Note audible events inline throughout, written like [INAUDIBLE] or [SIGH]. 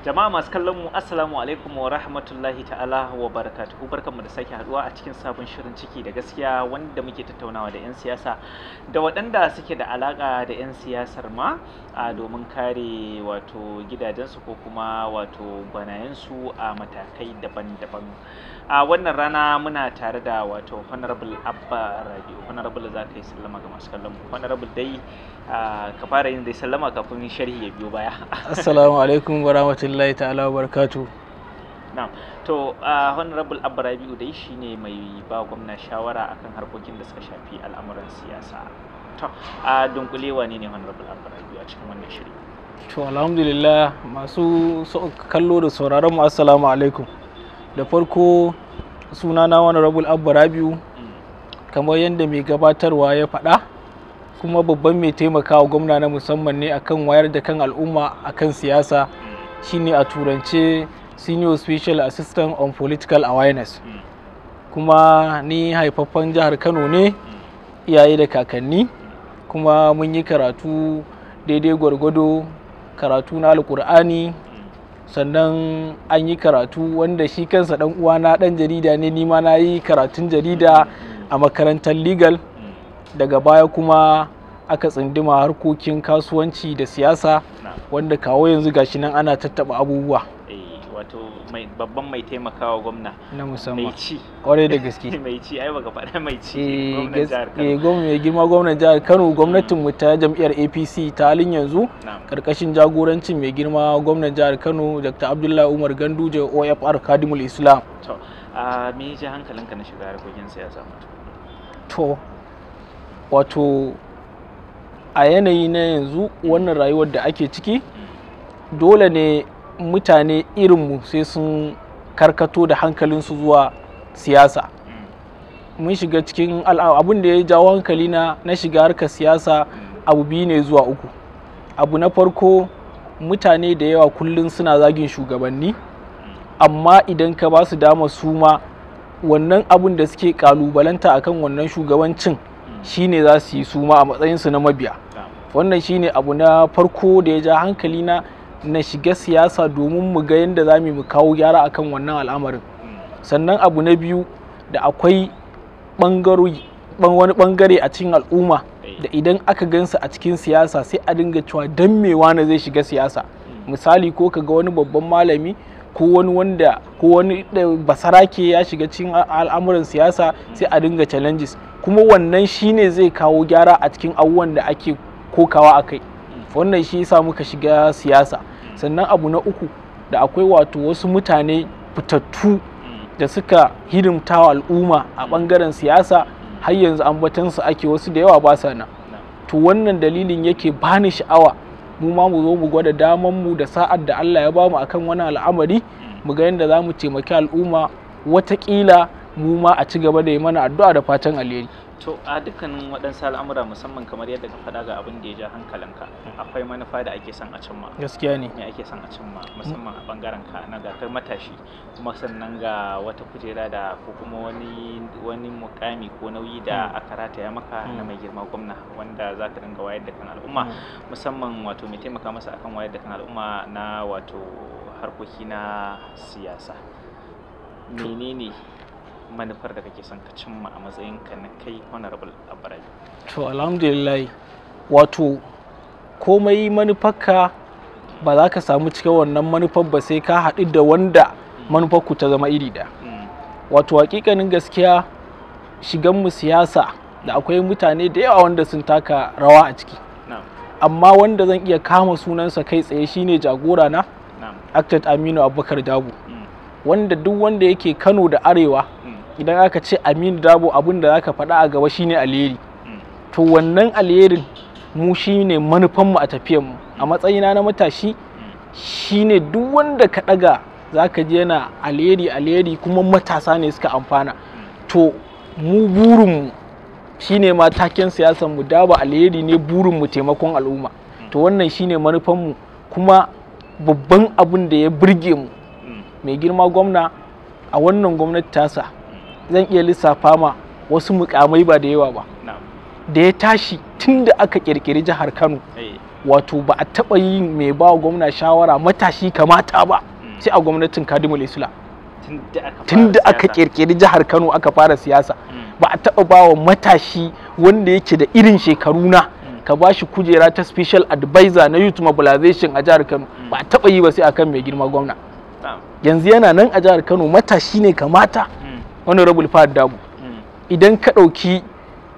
jama'a masu kallon mu assalamu alaikum wa rahmatullahi ta'ala wa barakatuhu barkanmu da sake haduwa a cikin sabon shirin ciki da gaskiya wanda muke tattaunawa da 'yan siyasa da waɗanda suke da alaka da 'yan siyasar ma a domin kare wato gidajensu ko kuma wato gwanayensu a matakai daban-daban a wannan rana muna tare da wato honorable abba rabi honorable za ka yi sallama ga masu kallon mu honorable dai ka fara yin dai sallama kafin sharhi ya biyo baya [LAUGHS] assalamu alaikum wa rahmatullahi ta'ala wa barakatu na'am to honorable abba Radio dai shine mai ba gwamna shawara akan harkokin da suka shafi al'amuran siyasa to a dunkulewa ne ne honorable abba Radio a cikin wannan shiri to alhamdulillah masu kallo da sauraron mu assalamu alaikum da farko sunana wani rabul abu rabiu kamar yadda mai gabatarwa ya faɗa kuma babban mai taimakawa gwamna na musamman ne akan wayar da kan al'umma akan siyasa shine a turance senior special assistant on political awareness kuma ni haifaffen jihar kano ne iyaye da kakanni kuma mun yi karatu daidai gwargwado karatu na alkur'ani sannan an yi karatu wanda shi kansa dan uwa na dan jarida ne nima na yi karatun jarida a makarantar legal daga baya kuma aka tsinduma harkokin kasuwanci da siyasa wanda kawo yanzu gashi nan ana tattaba abubuwa wato babban mai taimakawa gwamna na musamman mai ci kwarai da gaske [LAUGHS] mai ci ai baka faɗa mai ci eh, gwamnan jihar Kano eh gwamnati girma gwamnan jihar Kano gwamnatin mu ta jam'iyyar APC ta halin yanzu karkashin jagorancin mai girma gwamnan jihar Kano Dr. Abdullahi Umar Ganduje OFR Kadimul Islam to a me ji hankalinka na shiga harkokin siyasa to wato a yanayi na yanzu wannan rayuwar da ake ciki dole ne mutane irinmu sai sun karkato da hankalinsu zuwa siyasa mun shiga cikin abin da ya jawo hankali na na shiga harkar siyasa abu biyu ne zuwa uku abu na farko mutane da yawa kullum suna zagin shugabanni amma idan ka ba su dama su ma wannan abun da suke kalubalanta akan wannan shugabancin shine za su yi su ma a matsayinsu na mabiya wannan shine abu na farko da ya ja hankali na na shiga siyasa domin mu ga yadda za mu kawo gyara akan wannan al'amarin sannan abu na biyu da akwai wani bangare a cikin al'umma da idan aka gansa a cikin siyasa sai a dinga cewa dan me wani zai shiga siyasa misali ko ka ga wani babban malami ko wani wanda ko wani basarake ya shiga cikin al'amuran siyasa sai a dinga challenges kuma wannan shine zai kawo gyara a cikin abubuwan da ake kokawa a kai wannan shi yasa muka shiga siyasa sannan abu na uku da akwai wato wasu mutane fitattu da suka hidimta wa al'umma a bangaren siyasa har yanzu an su ake wasu da yawa ba sa nan to wannan dalilin yake bani sha'awa mu ma mu zo mu gwada daman mu da sa'ad da Allah ya bamu akan wani al'amari mu ga yadda za mu taimaki al'umma watakila mu ma a ci gaba da yi mana addu'a da fatan alheri to a dukkanin waɗansu al'amura musamman kamar yadda ka faɗa ga abin da ya ja hankalinka mm-hmm. akwai manufa da ake son a cimma gaskiya ne me ake son a cimma mm-hmm. musamman a bangaren ka na ga matashi kuma sannan ga wata kujera da ko kuma wani wani mukami ko nauyi da mm-hmm. aka rataya maka na mai girma gwamna wanda za ka dinga wayar da kan al'umma musamman wato mai taimaka masa akan wayar da kan al'umma na wato harkoki na siyasa menene manufar da kake son ka cimma a matsayinka na kai honorable abarai to alhamdulillah wato komai manufarka ba za ka samu cikin wannan manufar ba sai ka haɗu da wanda mm. manufar ku ta zama iri da mm. wato hakikanin gaskiya shigan mu siyasa da akwai mutane da yawa wanda sun taka rawa a ciki amma wanda zan iya kama sunansa kai tsaye shine jagora na actat aminu abubakar dabu mm. wanda duk wanda yake kano da arewa idan aka ce aminu dabo abin da zaka faɗa a gaba shine alheri mm. to wannan alherin mu shine manufanmu a tafiyanmu a mm. matsayina na matashi mm. shine duk wanda ka ɗaga zaka ji yana alheri alheri kuma matasa ne suka amfana to mu burinmu shine ma taken siyasar mu daba alheri ne burinmu taimakon al'umma to wannan shine manufanmu kuma babban abun da ya burge mu mai girma gwamna a wannan gwamnati tasa zan iya lissafa ma wasu mukamai ba da yawa ba da ya tashi tun da aka kirkiri jihar kano eh. wato ba a taba yi mai ba gwamna shawara matashi kamata ba hmm. sai a gwamnatin kadimu laisula tun da aka kirkiri jihar kano aka fara siyasa hmm. ba a taɓa ba wa matashi wanda yake da irin shekaru na hmm. ka ba shi kujera ta special advisor na youth mobilization a jihar kano ba a taɓa yi ba sai akan mai girma gwamna yanzu yana nan a jihar kano matashi ne kamata honorable fahad damu hmm. idan ka ɗauki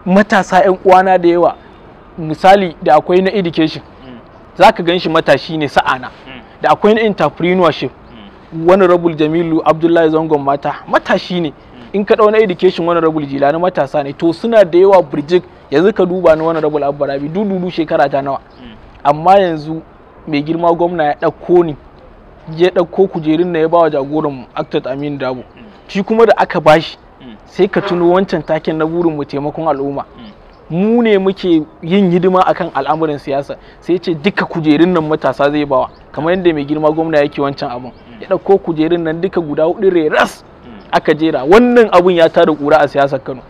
matasa 'yan uwana da yawa misali da akwai na education hmm. za ka gan shi matashi ne sa'ana hmm. da akwai na entrepreneurship wani rabul jamilu abdullahi zangon mata matashi ne in ka na education wani rabul jila na matasa ne to suna da yawa birjik yanzu ka duba ni wani rabul abbarabi dududu shekara ta nawa amma yanzu mai girma gwamna ya ɗauko ni ya ɗauko kujerun na ya ba wa jagoran aktat amin dabo shi kuma da aka bashi mm. sai ka tuno wancan taken na burin mu taimakon al'umma mm. mu ne muke yin hidima akan al'amuran siyasa sai ce duka kujerun nan matasa zai bawa kamar yadda mai girma gwamna yake wancan abun mm. ya ɗauko kujerun nan duka guda hudu ras aka jera wannan abun ya tada kura a siyasar kano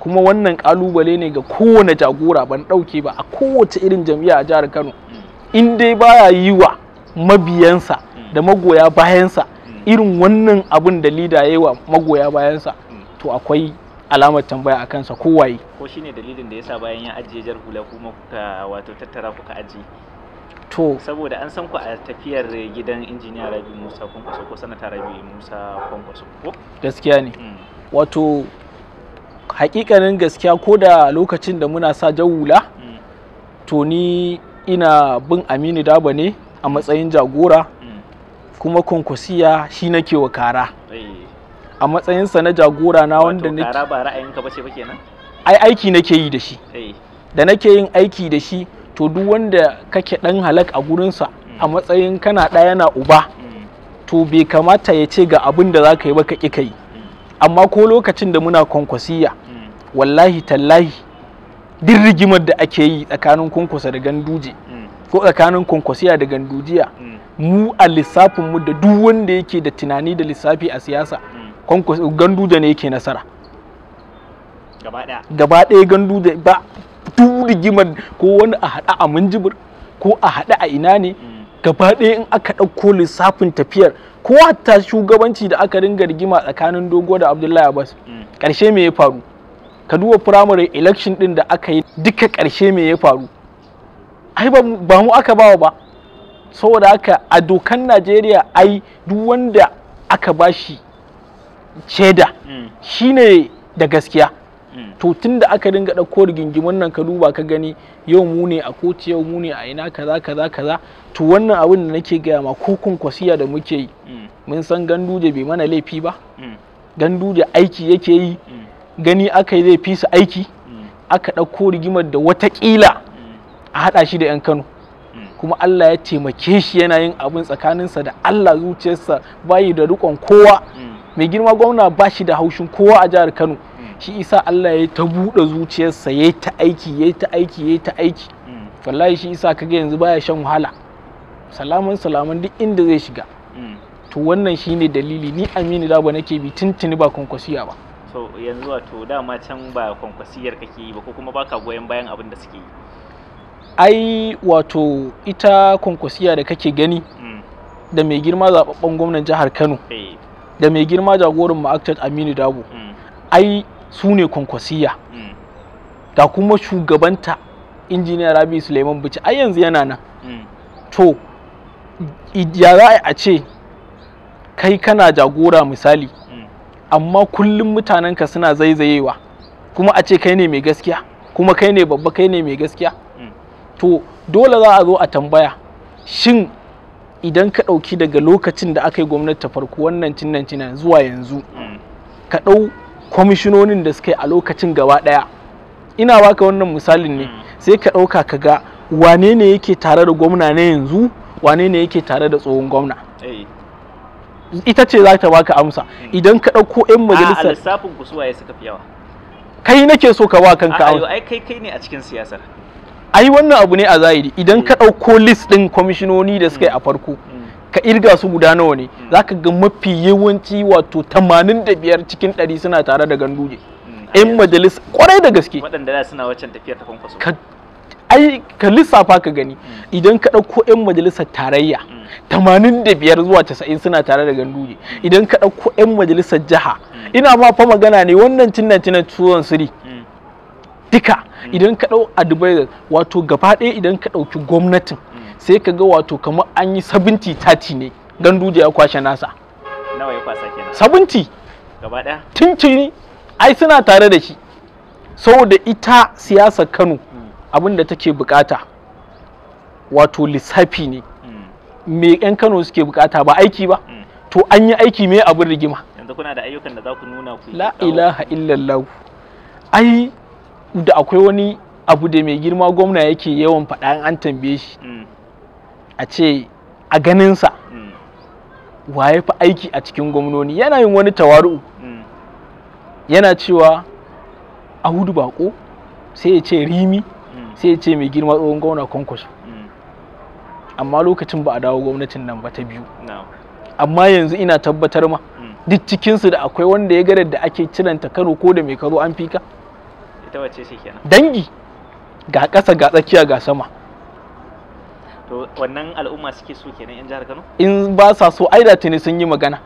kuma wannan kalubale ne ga kowane jagora ban ɗauke ba a kowace irin jami'a a jihar kano in dai baya yi wa mabiyansa da magoya bayansa irin wannan abin da lida ya yi wa magoya bayansa mm. to akwai alamar tambaya a kansa kowaye ko shine dalilin da yasa bayan ya ajiye jar hula kuma kuka wato tattara kuka ajiye to saboda an san ku a tafiyar gidan injiniya rabi musa kwankwaso ko sanata rabi musa kwankwaso ko gaskiya ne mm. wato hakikanin gaskiya ko da lokacin da muna sa jar hula mm. to ni ina bin aminu daba ne a matsayin jagora kuma kwankwasiya shi ke wa kara eh. a matsayinsa na jagora na wanda na kara ba ra'ayinka bace ba kenan ai aiki nake yi da shi eh. da nake yin aiki da shi to duk wanda kake dan halak a gurinsa a mm. matsayin kana ɗaya na uba mm. to bai kamata ya ce ga abin da za ka yi ba ka yi mm. amma ko lokacin da muna kwankwasiya wallahi tallahi duk rigimar da ake yi tsakanin konkosa da ganduje ko tsakanin kwankwasiya da gandujiya mu a lissafin mu da duk wanda yake da tunani da lissafi a siyasa mm. ganduja ne yake nasara gaba ɗaya ganduja ba duk rigimar ko wani a haɗa a munjibir, ko a haɗa a ina ne mm. gaba ɗaya in aka ɗauko lissafin tafiyar ko hatta shugabanci da aka ringa rigima tsakanin dogo da abdullahi abbas mm. ƙarshe me ya faru ka duba firamare election ɗin da aka yi duka ƙarshe me ya faru ai ba mu aka bawa ba saboda haka a dokan najeriya ai duk wanda aka bashi shi mm. shine da gaskiya mm. to tun da aka dinga ɗauko rigingimin nan ka duba ka gani yau mu ne a kotu yau mu ne a ina kaza kaza kaza to wannan abin da nake gaya ma ko kwasiya da muke yi mm. mun san ganduje bai mana laifi ba ganduje aiki yake yi gani aka yi zai fi su aiki aka ɗauko rigimar da watakila a haɗa shi da 'yan kano kuma Allah ya taimake shi yana yin abin tsakaninsa da Allah zuciyarsa bayi da rikon kowa mm. mai girma gwamna ba shi da haushin kowa a jihar Kano mm. shi isa Allah ya ta buɗe zuciyarsa ya ta aiki ya ta aiki ya ta aiki mm. wallahi shi isa kaga yanzu baya shan wahala salaman salaman duk inda zai shiga to wannan shine dalili ni Aminu Dabo nake bi tuntuni ba kwankwasiya ba to yanzu wato dama can ba kwankwasiyar kake yi ba ko kuma baka goyon bayan abin da suke yi ai wato ita kwankwasiya da kake gani mm. da mai girma zababben gwamnan jihar kano eh. da mai girma jagoran ma'aktar aminu dabo mm. ai su ne kwankwasiya Da mm. kuma shugabanta injiniya rabi suleiman bici ai yanzu yana nan to ya za a ce kai kana jagora misali amma kullum mutanenka suna zaizayewa kuma a ce kai ne mai gaskiya kuma kai ne babba kai ne mai gaskiya to dole za a zo a tambaya shin idan ka ɗauki daga lokacin da aka yi gwamnati ta farko wannan cinnan cinnan zuwa yanzu ka ɗau kwamishinonin da suka yi a lokacin gaba ɗaya ina baka wannan misalin ne sai ka ɗauka ka ga wane ne yake tare da gwamna na yanzu wane ne yake tare da tsohon gwamna eh. ita ce za ta baka amsa hmm. idan ka ɗauko 'yan majalisar a lissafin ku suwaye suka fi yawa kai nake so ka wa kanka a ai kai kai ne a cikin siyasar ai wannan abu ne a zahiri idan ka ɗauko list ɗin kwamishinoni da suka yi a mm. farko mm. ka irga su guda nawa ne mm. za ka ga mafi yawanci wato 85 cikin 100 suna tare da ganduje yan majalis kwarai da gaske waɗanda da suna waccan tafiyar ta kwankwaso ai ka lissafa ka gani idan ka ɗauko 'yan majalisar tarayya 85 zuwa 90 suna tare da ganduje idan ka ɗauko 'yan majalisar jiha ina ma fa magana ne wannan cinna cinan tuwon siri duka mm. idan ka ɗau advisor wato gaba ɗaya idan ka ɗauki gwamnatin mm. sai ka ga wato kamar an yi sabinti tati ne ganduje ya kwashe nasa nawa ya kwasa kenan gaba ɗaya tuntuni ai suna tare da shi saboda ita siyasar kano mm. abin da take bukata wato lissafi ne me 'yan kano suke bukata ba aiki ba to an yi aiki me abin rigima yanzu kuna da ayyukan da za ku nuna ku la ilaha illallah ai da akwai wani abu da mai girma gwamna yake yawan faɗa an tambaye shi mm. a ce a ganinsa mm. waye fi aiki a cikin gwamnoni yana yin wani tawaru mm. yana cewa a hudu bako sai ya ce rimi sai ya ce mai girma tsohon gwamna kwankwaso amma lokacin ba a dawo gwamnatin nan ba ta biyu amma yanzu ina tabbatar ma duk cikinsu da akwai wanda ya gada da ake ciranta kano ko da mai karo an fika wace shi kenan dangi ga ƙasa ga tsakiya ga sama to wannan al'umma suke so kenan yan jihar Kano in ba sa so ai da tuni sun yi magana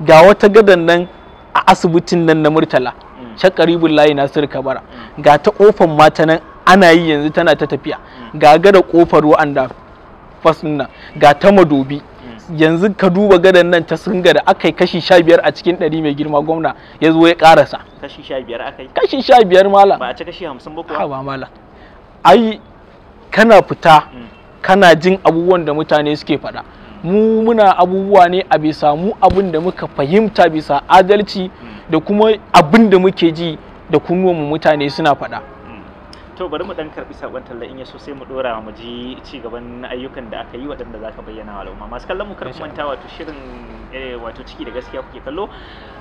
ga wata gadan nan a asibitin nan na Murtala shakaribin mm. layi Nasiru Kabara mm. ga ta kofar mata nan ana yi yanzu tana ta tafiya mm. ga gada kofar ruwan da fasin ga ta madobi yanzu ka duba gadan nan ta singa da aka yi kashi sha biyar a cikin ɗari mai girma gwamna ya zo ya ƙarasa. kashi sha biyar aka yi kashi sha biyar mala ba a ci kashi hamsin ba kuwa ba mala ai kana fita mm. kana jin abubuwan da mutane suke faɗa mu muna abubuwa ne a bisa mu abin da muka fahimta bisa adalci mm. da kuma abin da muke ji da kunnuwanmu mutane suna faɗa to bari mu dan karbi sakon talla in yaso sai mu dora mu ji ci gaban ayyukan da aka yi waɗanda za ka bayyana wa al'umma masu kallon mu kar manta wato shirin eh, wato ciki da gaskiya kuke kallo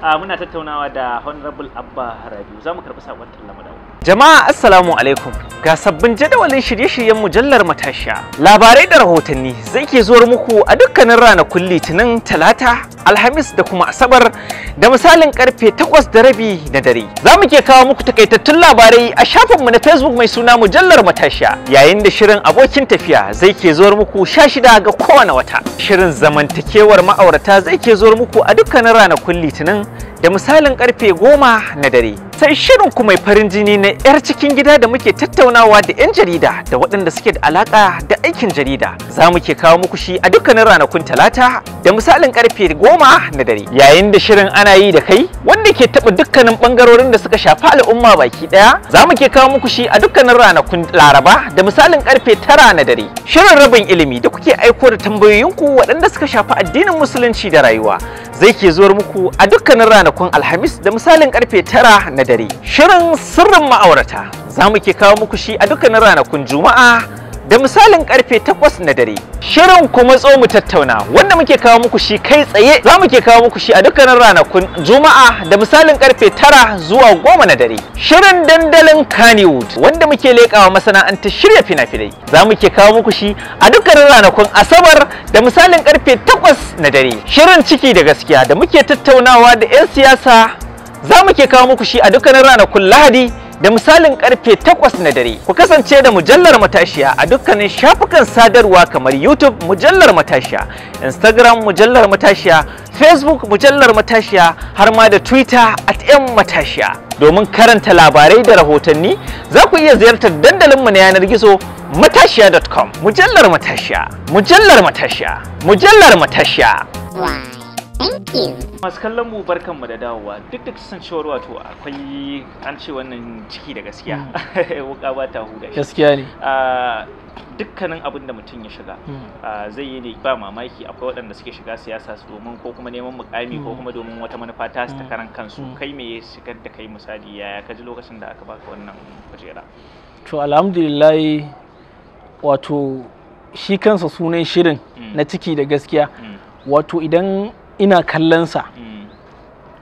ah, muna tattaunawa da honorable abba rabiu za mu karbi sakon talla mu dawo Jama'a Assalamu alaikum ga sabbin jadawalin shirye-shiryen mujallar matashiya labarai da rahotanni zai ke zuwar muku a dukkanin ranakun litinin talata alhamis da kuma asabar da misalin karfe takwas da rabi na dare za mu ke kawo muku takaitattun labarai a shafinmu na facebook mai suna mujallar matashiya yayin da shirin abokin tafiya zai ke zuwar muku sha shida ga kowane wata shirin zamantakewar ma'aurata zai ke zuwar muku a dukkanin ranakun litinin da misalin karfe goma na dare sai shirin mai farin jini na 'yar cikin gida da muke tattaunawa da 'yan jarida da waɗanda suke da alaƙa da aikin jarida za mu ke kawo muku shi a dukkanin ranakun talata da misalin karfe goma na dare yayin da shirin ana yi da kai wanda ke taɓa dukkanin ɓangarorin da suka shafi al'umma baki ɗaya za mu ke kawo muku shi a dukkanin ranakun laraba da misalin karfe tara na dare shirin rabin ilimi da kuke aiko da tambayoyinku waɗanda suka shafi addinin musulunci da rayuwa zai ke zuwar muku a dukkanin ranakun alhamis da misalin karfe tara na dare shirin sirrin ma'aurata za mu ke kawo muku shi a dukkanin ranakun juma'a da misalin karfe 8 na dare shirin kuma tso mu tattauna wanda muke kawo muku shi kai tsaye za mu ke kawo muku shi a dukkanin ranakun juma'a da misalin karfe 9 zuwa 10 na dare shirin dandalin Kannywood wanda muke leƙawa masana'antar shirya fina-finai za mu ke kawo muku shi a dukkanin ranakun asabar da misalin karfe 8 na dare shirin ciki da gaskiya da muke tattaunawa da 'yan siyasa za mu ke kawo muku shi a dukkanin ranakun lahadi da misalin karfe 8 na dare ku kasance da mujallar matashiya a dukkanin shafukan sadarwa kamar youtube mujallar matashiya instagram mujallar matashiya facebook mujallar matashiya har ma da twitter at m matashiya domin karanta labarai da rahotanni za ku iya ziyartar dandalinmu na yanar gizo matashiya.com mujallar matashiya mujallar matashiya mujallar matashiya Thank you. Masu kallon mu barkan mu da dawowa duk da kasancewar wato akwai an ce wannan ciki da gaskiya mm. [LAUGHS] wuka ba ta huda Gaskiya ne. Ah, dukkanin abin da mutum ya shiga mm. ah, zai yi ne ba mamaki akwai waɗanda suke shiga siyasa su domin ko kuma neman mukami ko mm. kuma domin wata manufa ta su ta karan kansu kai me ya shigar da kai misali yaya ka ji lokacin da aka baka wannan kujera to alhamdulillah wato shi kansa sunan shirin na ciki da gaskiya wato idan ina kallon sa mm.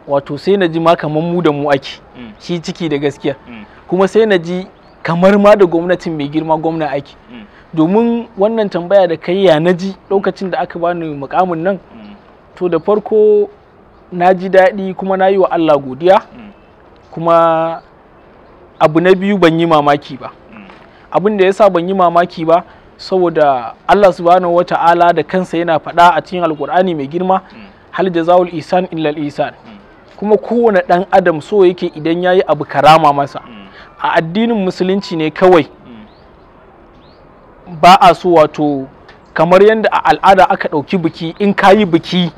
wato sai na ji ma kamar mu da mu ake mm. shi ciki da gaskiya mm. kuma sai na ji kamar ma da gwamnatin mai girma gwamna ake domin wannan tambaya da kai ya na ji lokacin da aka bani mukamin nan to da farko na ji daɗi kuma na yi wa Allah godiya kuma abu na biyu ban yi mamaki ba abin da yasa ban yi mamaki ba saboda Allah subhanahu wata'ala da kansa yana faɗa a cikin alkur'ani mai girma hal jaza'ul isan illa isan hmm. kuma kowane dan adam so yake idan yayi abu karama masa hmm. a addinin musulunci ne kawai hmm. ba a so wato kamar yadda a al'ada aka ɗauki biki in kayi biki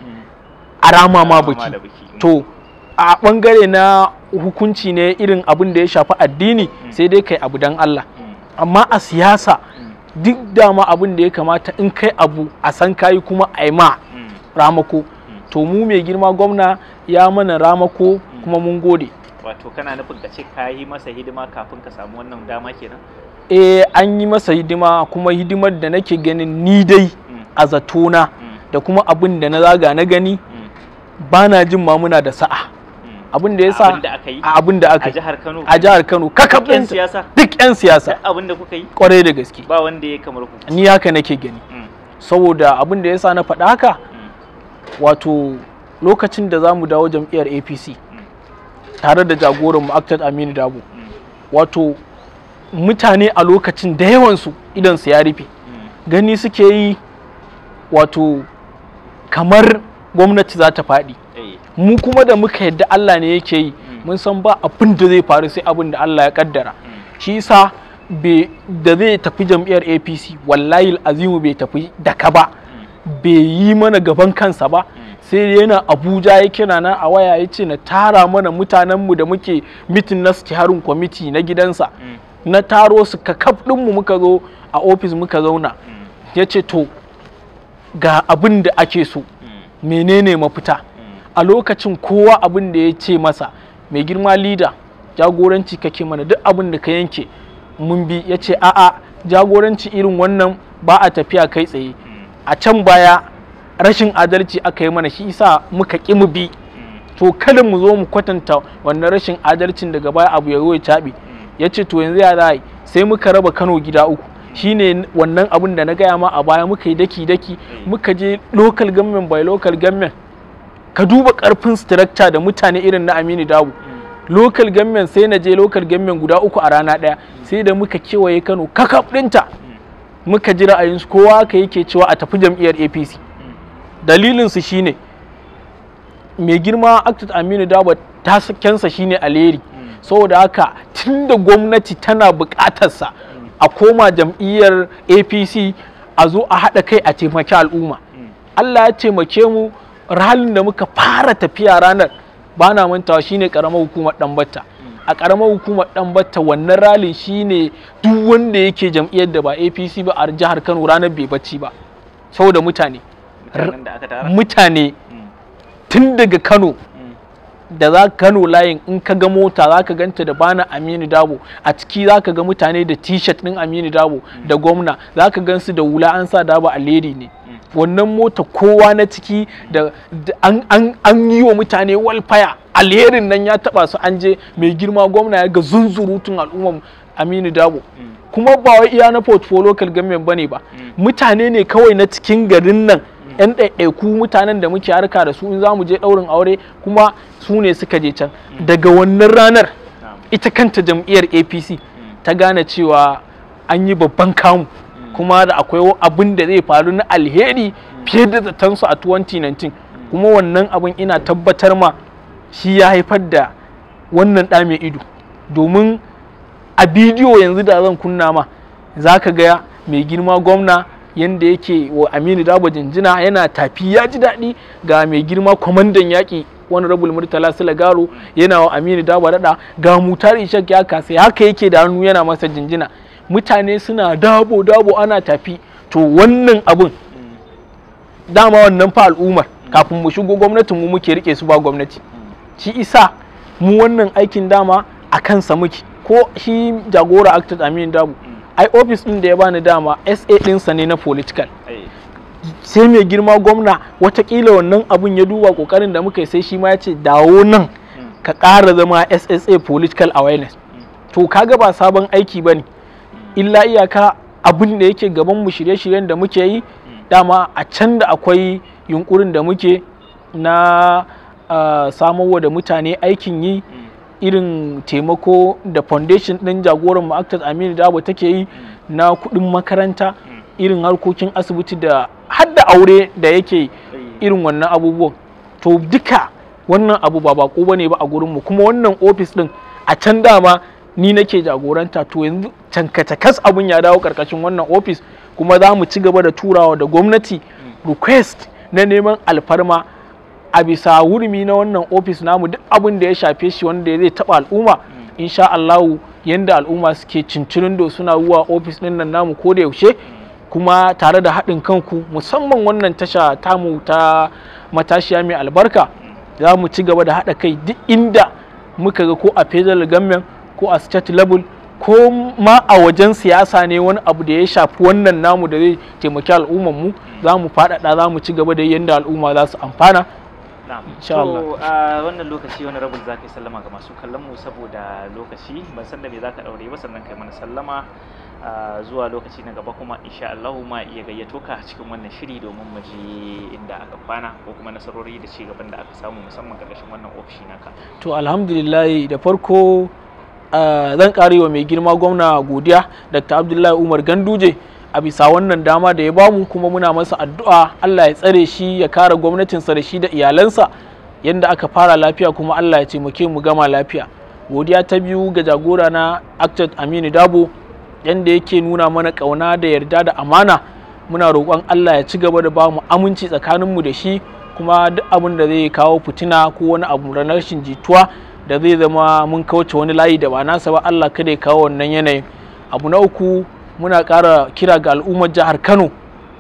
a rama ma biki to a ɓangare na hukunci ne irin abin da ya shafi addini sai dai kai abu dan Allah amma a siyasa duk dama abin da ya kamata in kai abu a san kayi kuma aima yi ma ramako to mu mai girma gwamna ya mana ramako kuma mun gode wato kana nufin ka ce ka yi masa hidima kafin ka samu wannan dama kenan eh an yi masa hidima kuma hidimar da nake ganin ni dai mm. a zatona mm. da kuma abin da na zaga na gani mm. ba na jin ma muna da sa'a abin da ya sa a abin da aka yi a jihar Kano kakab din siyasa duk yan siyasa abin da kuka yi kwarai da gaske ba wanda ya kamar ku ni haka nake gani saboda abin da ya sa na faɗa haka wato lokacin da zamu dawo jam'iyyar apc tare da jagoran mu'aktar aminu dabo wato mutane a lokacin da yawansu su ya rufe gani suke yi wato kamar gwamnati za ta faɗi eh. mu kuma da muka yadda allah ne yake yi hmm. mun san ba abin da zai faru sai abin da allah ya kaddara hmm. shi yasa da zai tafi jam'iyyar apc wallahi azimu bai tafi daka ba bai yi mana gaban kansa ba hmm. sai yana abuja ya kira na a waya ya ce na tara mana mutanenmu da muke mitin na suke harin kwamiti na gidansa hmm. na taro su kakaf ɗinmu muka zo a ofis muka zauna hmm. ya ce to ga abin da ake so menene mafita a lokacin kowa abin da ya ce masa mai girma lida jagoranci kake mana duk abin da ka yanke mun bi ya ce a'a jagoranci irin wannan ba a tafiya kai tsaye a can baya rashin adalci aka yi mana shi isa muka ƙi mu bi to kada mu zo mu kwatanta wannan rashin adalcin daga baya abu ya zo ya caɓe ya ce to yanzu ya za sai muka raba kano gida uku shine wannan abin da na gaya ma a baya muka yi daki daki muka je local government by local government ka duba karfin structure da mutane irin na Aminu dawo. local government sai na je local government guda uku a rana daya sai da muka kewaye Kano kakaf dinta muka ji ra'ayinsu kowa ka yake cewa a tafi jam'iyyar apc dalilinsu shine mai girma actus aminu dawa kensa shine aleri mm. saboda haka tunda gwamnati tana bukatarsa a koma jam'iyyar apc a zo a haɗa kai a taimaki al'umma mm. allah ya taimake mu ralin da muka fara tafiya ranar ba na mantawa shine karamar hukumar ɗanbata a karamar hukumar batta wannan ralin shine duk wanda yake jam'iyyar da ba apc ba a jihar kano ranar bai bacci ba saboda mutane mutane tun daga kano da za kano layin in ka ga mota za ka ganta da bana aminu dabo a ciki za ka ga mutane da t-shirt din aminu dabo da gwamna za ka gansu da wula an sa dabo a leri ne wannan mota kowa na ciki da an yi wa mutane walfaya alherin nan ya taba su an je mai girma gwamna ya ga zunzurutun al'umma aminu dabo mm. kuma ba wai iya na portfolio kalgamen bane ba mm. mutane ne kawai na cikin garin nan mm. yan ɗaiɗaiku mutanen da muke harka da su in za mu je ɗaurin aure kuma su ne suka je can daga wannan ranar ita kanta jam'iyyar apc ta gane cewa an yi babban kamu kuma da akwai abin da zai faru na alheri fiye da zaton su a 2019 kuma wannan abin ina tabbatar ma shi ya haifar da wannan ɗa mai ido domin a bidiyo yanzu da zan kunna ma za ka ga mai girma gwamna yadda yake wa aminu dabo jinjina yana tafi ya ji daɗi ga mai girma kwamandan yaƙi wani rabul murtala silagaro yana wa aminu dabo daɗa ga mutar ishak ya kasa haka yake da hannu yana masa jinjina mutane suna dabo dabo ana tafi to wannan abun dama wannan fa al'ummar kafin mu shigo gwamnatin mu muke rike su ba gwamnati shi isa mu wannan aikin dama a kansa muke ko shi jagora akta amin dabu ai ofis ɗin da ya bani dama sa ɗinsa ne na political sai mai girma gwamna watakila wannan abun ya duba kokarin da muka sai shi ma ya ce dawo nan mm. ka ƙara zama ssa political awareness mm. to kaga ba sabon aiki ba ne mm. illa iyaka abin da yake gaban mu shirye-shiryen da muke yi dama a can da akwai yunkurin da muke na uh, wa da mutane aikin yi mm. irin taimako da foundation ɗin jagoran mu actors da abu take yi mm. na kudin makaranta mm. irin harkokin asibiti da hadda aure da yake irin wannan abubuwan to duka wannan abu ba bako bane ba a gurin mu kuma wannan ofis din a can dama ni nake jagoranta to yanzu cankatakas abun ya dawo karkashin wannan ofis kuma za mu ci gaba da turawa da gwamnati request na neman alfarma a bisa wurmi na wannan ofis namu duk abin da ya shafe shi wanda zai taba al'umma mm. insha Allah yanda al'umma suke cincirin da suna zuwa ofis din nan namu ko da yaushe mm. kuma tare da haɗin kanku musamman wannan tasha tamu ta matashiya mai albarka mm. za mu ci gaba da haɗa kai duk inda muka ga ko a federal government ko a state level ko ma a wajen siyasa ne wani abu da ya shafi wannan namu da zai taimaki al'ummar mu za mu faɗaɗa za mu ci gaba da yanda al'umma za su amfana insha Allah to a wannan lokaci wani rabul zaka yi sallama ga masu kallon mu saboda lokaci ban san da me zaka daure ba sannan kai mana sallama zuwa lokaci na gaba kuma insha Allah ma iya gayyato ka cikin wannan shiri domin mu je inda aka kwana ko kuma nasarori da ci gaban da aka samu musamman karkashin wannan ofishi naka to alhamdulillah da farko zan wa mai girma gwamna godiya dr abdullahi umar ganduje a bisa wannan dama da ya bamu kuma muna masa addu'a Allah ya tsare shi ya kare sa da shi da iyalansa yadda aka fara lafiya kuma Allah ya taimake mu gama lafiya godiya ta biyu ga jagora na actor Aminu Dabo yadda yake nuna mana kauna da yarda da amana muna roƙon Allah ya ci gaba da bamu aminci tsakaninmu da shi kuma duk abin da zai kawo fitina ko wani abu na rashin jituwa da zai zama mun kauce wani layi da ba nasa ba Allah kada ya kawo wannan yanayin abu na uku muna ƙara kira ga al'ummar jihar kano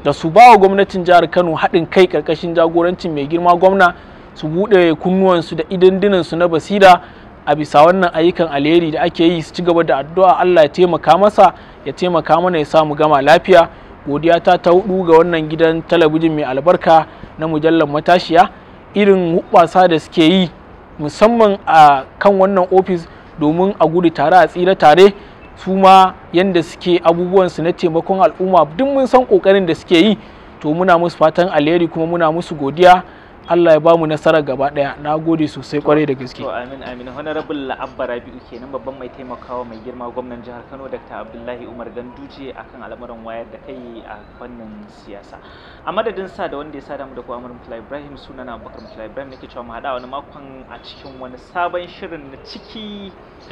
da su ba wa gwamnatin jihar kano haɗin kai ƙarƙashin jagorancin mai girma gwamna su buɗe kunnuwansu da idandunansu na basira a bisa wannan ayyukan alheri da ake yi su ci gaba da addu'a allah ya taimaka masa ya taimaka mana ya samu gama lafiya godiya ta ta hudu ga wannan gidan talabijin mai albarka na mujallar matashiya irin hubbasa da suke yi musamman a kan wannan ofis domin a gudu tare a tsira tare su ma yanda suke abubuwansu na taimakon al'umma duk mun san kokarin da suke yi to muna musu fatan alheri kuma muna musu godiya Allah ya bamu nasara gaba daya na gode sosai kwarai da gaske to amin amin honorable la'abba rabi'u kenan babban mai taimakawa mai girma gwamnan jihar Kano Dr. Abdullahi Umar Ganduje akan al'amuran wayar da kai a fannin siyasa a madadin sa da wanda ya sada mu da ku Amr fly Ibrahim sunana Abubakar fly Ibrahim nake cewa mu hada wani makon a cikin wani sabon shirin na ciki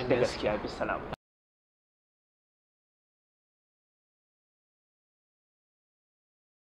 da gaskiya salam.